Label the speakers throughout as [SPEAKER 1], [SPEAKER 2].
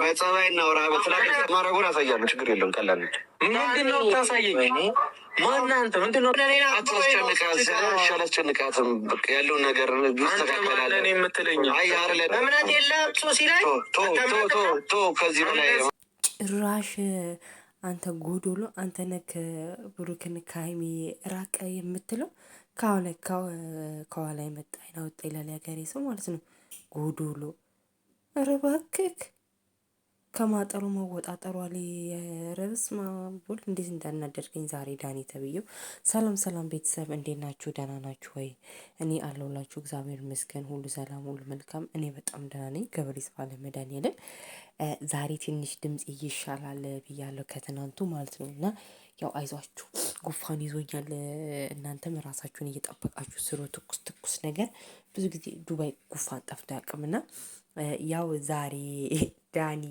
[SPEAKER 1] በጸባይ እናውራ ማድረጉን አሳያለሁ። ችግር የለውም። ቀላል ነች።
[SPEAKER 2] ምንድነው ታሳየኝ? ማናንተ
[SPEAKER 1] አላስጨንቃትም። ያለውን ነገር
[SPEAKER 2] የምትለኝ እምነት የለም ከዚህ በላይ ጭራሽ አንተ ጎዶሎ አንተ ነክ ብሩክን ከሀይሚ ራቀ የምትለው ከኋላ የመጣ አይናወጣ ይላል ያገሬ ሰው ማለት ነው ጎዶሎ ኧረ ከማጠሩ መወጣጠሩ ኧረ በስመ አብ እንዴት እንዳናደርገኝ ዛሬ ዳኒ ተብዬው። ሰላም ሰላም ቤተሰብ እንዴት ናችሁ? ደህና ናችሁ ወይ? እኔ አለሁላችሁ እግዚአብሔር ይመስገን፣ ሁሉ ሰላም፣ ሁሉ መልካም። እኔ በጣም ደህና ነኝ። ገብሬ ስፋለ መድኃኒዓለም ዛሬ ትንሽ ድምፅ ይሻላል ብያለሁ ከትናንቱ ማለት ነው እና ያው አይዟችሁ ጉፋን ይዞኛል። እናንተም ራሳችሁን እየጠበቃችሁ ስሩ። ትኩስ ትኩስ ነገር ብዙ ጊዜ ዱባይ ጉፋን ጠፍቶ ያቅምና ያው ዛሬ ዳኒ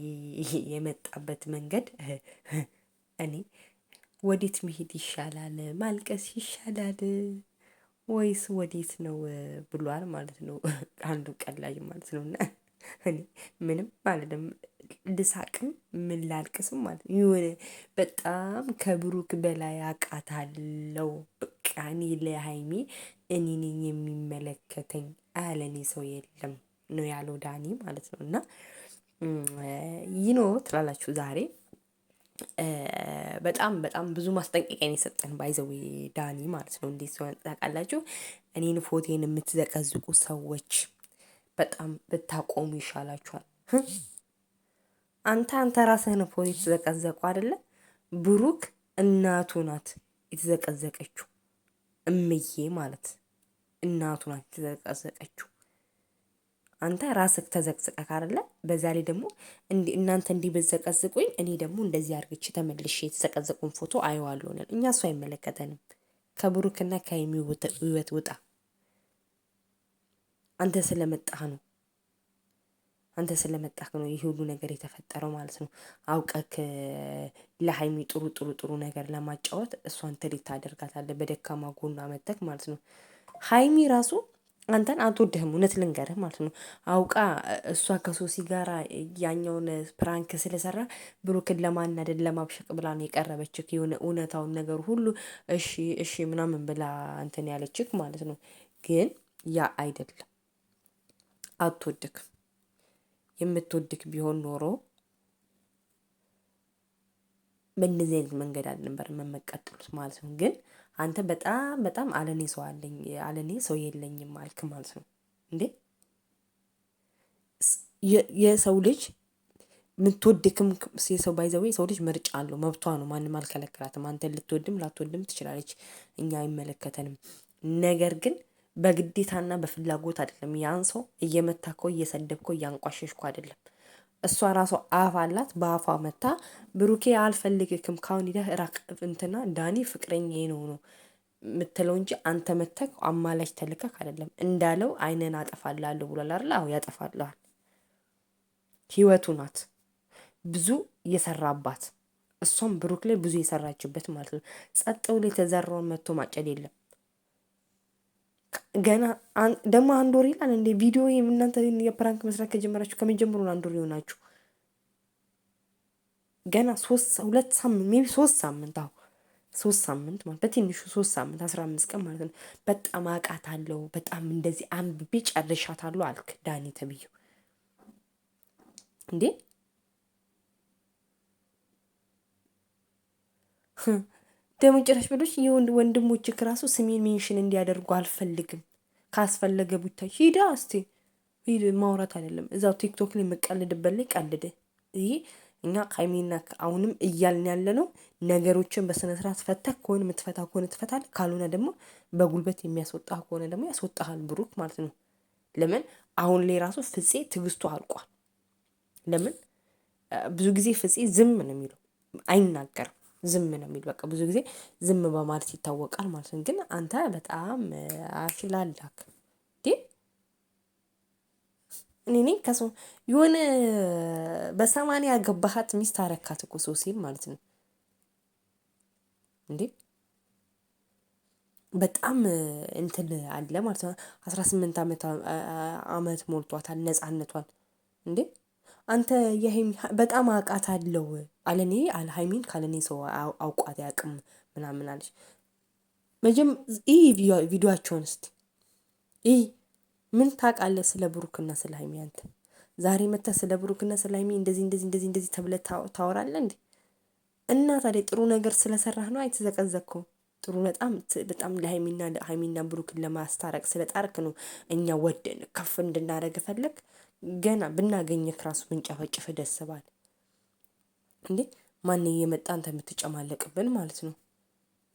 [SPEAKER 2] የመጣበት መንገድ እኔ ወዴት መሄድ ይሻላል? ማልቀስ ይሻላል ወይስ ወዴት ነው ብሏል ማለት ነው። አንዱ ቀላጅ ማለት ነው። እና እኔ ምንም ማለትም ልሳቅም ምን ላልቅስም ማለት የሆነ በጣም ከብሩክ በላይ አቃታለው በቃ እኔ ለሀይሜ እኔ ነኝ የሚመለከተኝ አለኔ ሰው የለም። ነው ያለው ዳኒ ማለት ነው። እና ይኖ ትላላችሁ ዛሬ በጣም በጣም ብዙ ማስጠንቀቂያን የሰጠን ባይዘዌ ዳኒ ማለት ነው። እንዴት ሲሆን ታውቃላችሁ? እኔን ፎቴን የምትዘቀዝቁ ሰዎች በጣም ብታቆሙ ይሻላችኋል። አንተ አንተ ራስህን ፎቴ የተዘቀዘቁ አይደለ? ብሩክ እናቱ ናት የተዘቀዘቀችው፣ እምዬ ማለት እናቱ ናት የተዘቀዘቀችው። አንተ ራስህ ተዘቅዝቀህ አይደለ? በዛ ላይ ደግሞ እናንተ እንዲህ ብትዘቀዝቁኝ እኔ ደግሞ እንደዚህ አርግቼ ተመልሼ የተዘቀዘቁን ፎቶ አየዋለሁ። እኛ እሱ አይመለከተንም። ከብሩክና ከሀይሚ ውበት ውጣ። አንተ ስለመጣህ ነው። አንተ ስለመጣህ ነው ይህ ሁሉ ነገር የተፈጠረው ማለት ነው። አውቀህ ለሀይሚ ጥሩ ጥሩ ጥሩ ነገር ለማጫወት እሷን ትሪት ታደርጋታለህ። በደካማ ጎኗ መተህ ማለት ነው። ሀይሚ ራሱ አንተን አትወድህም። እውነት ልንገርህ ማለት ነው አውቃ እሷ ከሶሲ ጋራ ያኛውን ፕራንክ ስለሰራ ብሩክን ለማናደድ ለማብሸቅ ብላ ነው የቀረበችክ። የሆነ እውነታውን ነገር ሁሉ እሺ እሺ ምናምን ብላ እንትን ያለችክ ማለት ነው። ግን ያ አይደለም፣ አትወድክ። የምትወድክ ቢሆን ኖሮ በእንደዚህ አይነት መንገድ አልነበረም የምቀጥሉት ማለት ነው። ግን አንተ በጣም በጣም አለኔ ሰው አለኝ አለኔ ሰው የለኝም አልክ ማለት ነው። እንዴ የሰው ልጅ ምትወድክም የሰው ባይዘዌ የሰው ልጅ ምርጫ አለው መብቷ ነው። ማንም አልከለከላትም። አንተ ልትወድም ላትወድም ትችላለች። እኛ አይመለከተንም። ነገር ግን በግዴታና በፍላጎት አይደለም። ያን ሰው እየመታከው እየሰደብከው እያንቋሸሽኩ አይደለም። እሷ ራሷ አፍ አላት። በአፏ መታ ብሩኬ አልፈልግክም ካሁን ሂደህ እራቅ እንትና ዳኒ ፍቅረኛ ነው ነው ምትለው እንጂ አንተ መተክ አማላች ተልከክ አይደለም። እንዳለው አይነን አጠፋላለሁ ብሏል አይደል? አዎ ያጠፋለዋል። ህይወቱ ናት ብዙ የሰራባት እሷም ብሩክ ላይ ብዙ የሰራችበት ማለት ነው። ጸጥ ብሎ የተዘራውን መጥቶ ማጨድ የለም። ገና ደግሞ አንድ ወር ይላል እንዴ? ቪዲዮ የምናንተ የፕራንክ መስራት ከጀመራችሁ ከመጀመሩ አንድ ወር ይሆናችሁ። ገና ሁለት ሳምንት ሜቢ ሶስት ሳምንት አሁ ሶስት ሳምንት ማለት በትንሹ ሶስት ሳምንት አስራ አምስት ቀን ማለት ነው። በጣም አቃት አለው በጣም እንደዚህ አንብቤ ጨርሻታለሁ አልክ ዳኒ ተብዬው እንዴ ደግሞ ጭራሽ በዶች የወንድ ወንድሞች ክራሱ ስሜን ሜንሽን እንዲያደርጉ አልፈልግም። ካስፈለገ ቡታ ሂዳ እስቲ ሂድ ማውራት አይደለም እዛው ቲክቶክ ላይ መቀልድበት ላይ ቀልደ። ይሄ እኛ ከሀይሜና አሁንም እያልን ያለ ነው። ነገሮችን በስነስርዓት ፈታ ከሆነ የምትፈታ ከሆነ ትፈታል፣ ካልሆነ ደግሞ በጉልበት የሚያስወጣ ከሆነ ደግሞ ያስወጣሃል ብሩክ ማለት ነው። ለምን አሁን ላይ ራሱ ፍፄ ትግስቱ አልቋል። ለምን ብዙ ጊዜ ፍፄ ዝም ነው የሚለው አይናገርም። ዝም ነው የሚል በቃ ብዙ ጊዜ ዝም በማለት ይታወቃል ማለት ነው። ግን አንተ በጣም አሽላላክ እንዴ! እኔ እኔ ከሰው የሆነ በሰማንያ ያገባሃት ሚስት አረካት እኮ ሲል ማለት ነው እንዴ! በጣም እንትን አለ ማለት ነው። አስራ ስምንት ዓመት ሞልቷታል ነፃነቷን እንዴ አንተ የሀይሚ በጣም አለው አለኔ አለ ሀይሚን ካለኔ ሰው አውቋት ያቅም ምናምን አለች። መጀም ይህ ቪዲዮቸውን እስቲ ይህ ምን ታቃለ ስለ ብሩክና ስለ ሀይሚ? አንተ ዛሬ መጥተህ ስለ ብሩክና ስለ ሀይሚ እንደዚህ እንደዚህ እንደዚህ እንደዚህ ተብለ ታወራለ እንዴ? እና ታዲያ ጥሩ ነገር ስለሰራህ ነው አይተዘቀዘኩ ጥሩ በጣም በጣም ለሀይሚና ሀይሚና ብሩክን ለማስታረቅ ስለጣርክ ነው እኛ ወደን ከፍ እንድናደረግ ፈለግ ገና ብናገኘህ ራሱ ብንጨፈጭፍህ ደስ ባል እንዴ ማን እየመጣ አንተ የምትጨማለቅብን ማለት ነው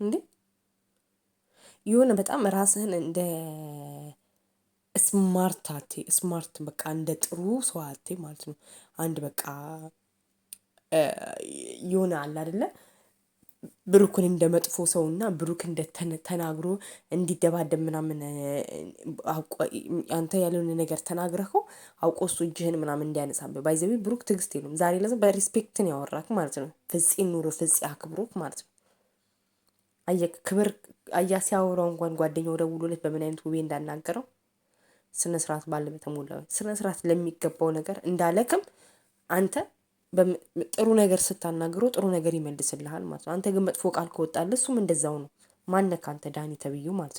[SPEAKER 2] እንዴ የሆነ በጣም ራስህን እንደ ስማርት አቴ ስማርት በቃ እንደ ጥሩ ሰው አቴ ማለት ነው። አንድ በቃ የሆነ አለ አይደለም። ብሩክን እንደ መጥፎ ሰው እና ብሩክ እንደ ተናግሮ እንዲደባደብ ምናምን አንተ ያለውን ነገር ተናግረኸው አውቆ እሱ እጅህን ምናምን እንዲያነሳብህ ባይዘቢ ብሩክ ትዕግስት የለውም። ዛሬ ለዚ በሪስፔክትን ያወራክ ማለት ነው። ፍጽ ኑሮ ፍጽ አክብሮክ ማለት ነው። አየ ክብር አያ ሲያወራው እንኳን ጓደኛው ደውሎለት በምን አይነት ውቤ እንዳናገረው ስነስርዓት ባለበት ሞላ ስነስርዓት ለሚገባው ነገር እንዳለክም አንተ ጥሩ ነገር ስታናግሮ ጥሩ ነገር ይመልስልሃል ማለት ነው። አንተ ግን መጥፎ ቃል ከወጣልህ እሱም እንደዛው ነው። ማነካ አንተ ዳኒ ተብዬው ማለት ነው